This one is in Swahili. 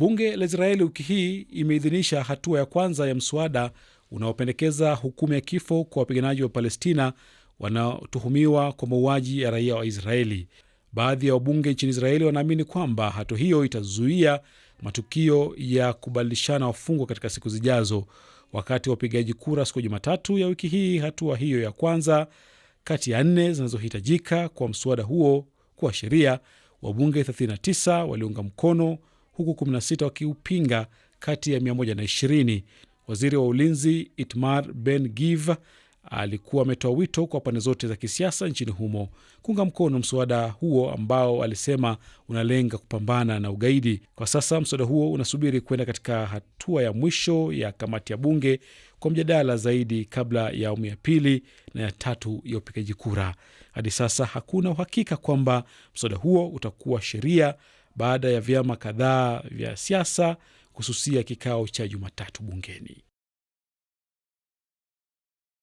Bunge la Israeli wiki hii imeidhinisha hatua ya kwanza ya mswada unaopendekeza hukumu ya kifo kwa wapiganaji wa Palestina wanaotuhumiwa kwa mauaji ya raia wa Israeli. Baadhi ya wabunge nchini Israeli wanaamini kwamba hatua hiyo itazuia matukio ya kubadilishana wafungwa katika siku zijazo. Wakati wa upigaji kura siku ya Jumatatu ya wiki hii, hatua hiyo ya kwanza kati ya nne zinazohitajika kwa mswada huo kuwa sheria, wabunge 39 waliunga mkono huku 16 wakiupinga kati ya 120. Waziri wa ulinzi Itmar Ben Giv alikuwa ametoa wito kwa pande zote za kisiasa nchini humo kuunga mkono mswada huo ambao alisema unalenga kupambana na ugaidi. Kwa sasa mswada huo unasubiri kwenda katika hatua ya mwisho ya kamati ya bunge kwa mjadala zaidi kabla ya awamu ya pili na ya tatu ya upigaji kura. Hadi sasa hakuna uhakika kwamba mswada huo utakuwa sheria baada ya vyama kadhaa vya siasa kususia kikao cha Jumatatu bungeni.